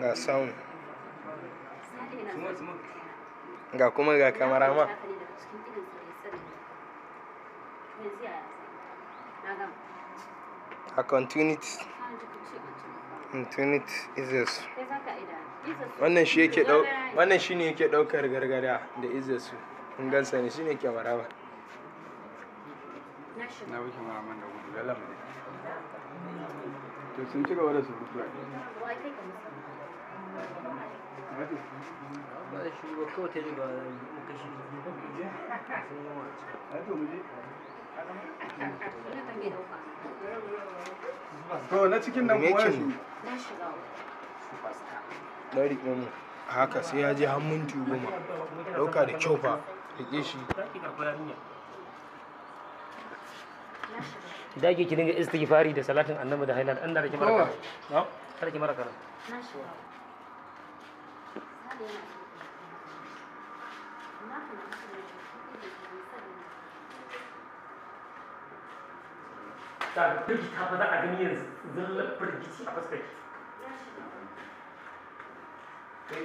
ga sound ga kuma ga kamara ma a continuity continuity is wannan shi yake yake daukar gargada da izesu in gansa ne shine kyamara ba na wuce ma man da gudu ne to sun ci gaba da su rutu ne to na cikin nan kuwa shi ɗari ɗin haka sai ya je hannun tubuma ɗauka da kyau fa da shi da ake ki dinga istighfari da salatin annabi da Allah da ki baraka na kada ki baraka ta a gani yanzu firgici a fuskar ki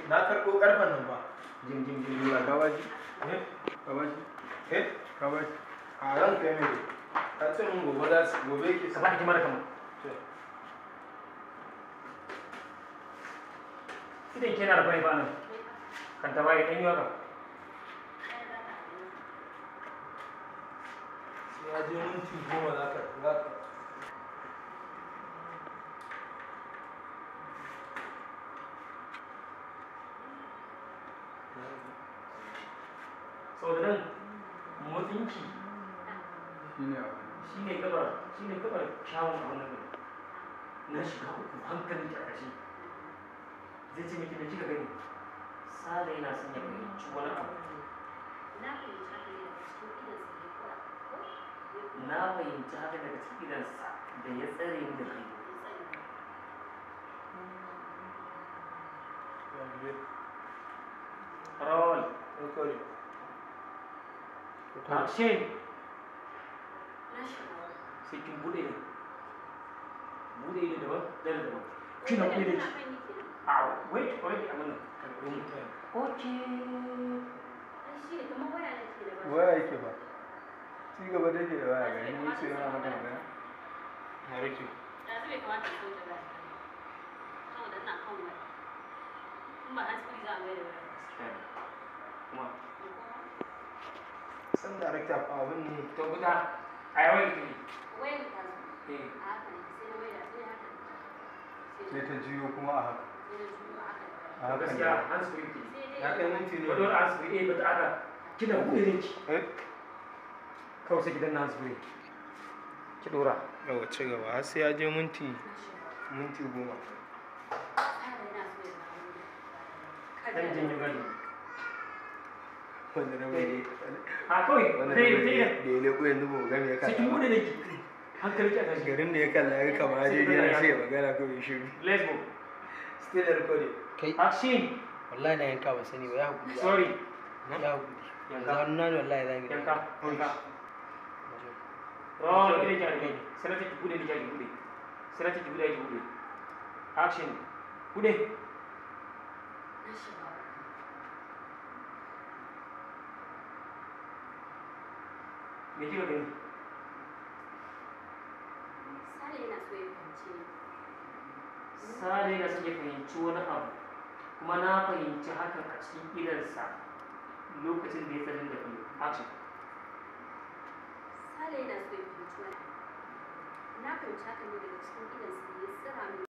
na eh, nan ba ba eh eh a ran kai mai ka ce mun gobe ke idan ke na da kan ta bayi ya je minti goma za ka sau da nan motsinki shi ne abu shi ne gabar shi ne gabar kyawun abu gari na shiga uku hankalin ki a zai ce miki me kika gani sale yana son ya ci wani abu na fahimci haka daga cikin idansa da ya tsare ni da kai Roll. Okay. sai kin bude bude bude a wait wait a mutum waya yake ba ci gaba da da waya ga ni sai yana maka magana na rike kamata ba kan waya kuma an tsuri za a mai da kuma san abin to guda a yawan sai ta jiyo kuma a haka a haka ne su ya kai minti ne wadda an su ki kawai sai gidan na su ki dora gaba har sai ya je minti minti goma jin yi gani wanda na wani eh. a kawai zai da ya leko yanzu ba gami ya kada cikin wani ne ki hankali garin da ya kalla ya kama ya je yana sai magana ko bai shiru still recording kai wallahi na yanka ba sani ba ya sorry ya yanka wannan wallahi yanka yanka oh jari ne sanata ki gude jari gude sanata ki gude ki gude action gude me sale na suke fahimci wani abu kuma na fahimci hakan a cikin idansa lokacin da ya tsarin da biyu action sale da suke fahimci wani na fahimci hakan ne daga cikin idansa da ya tsira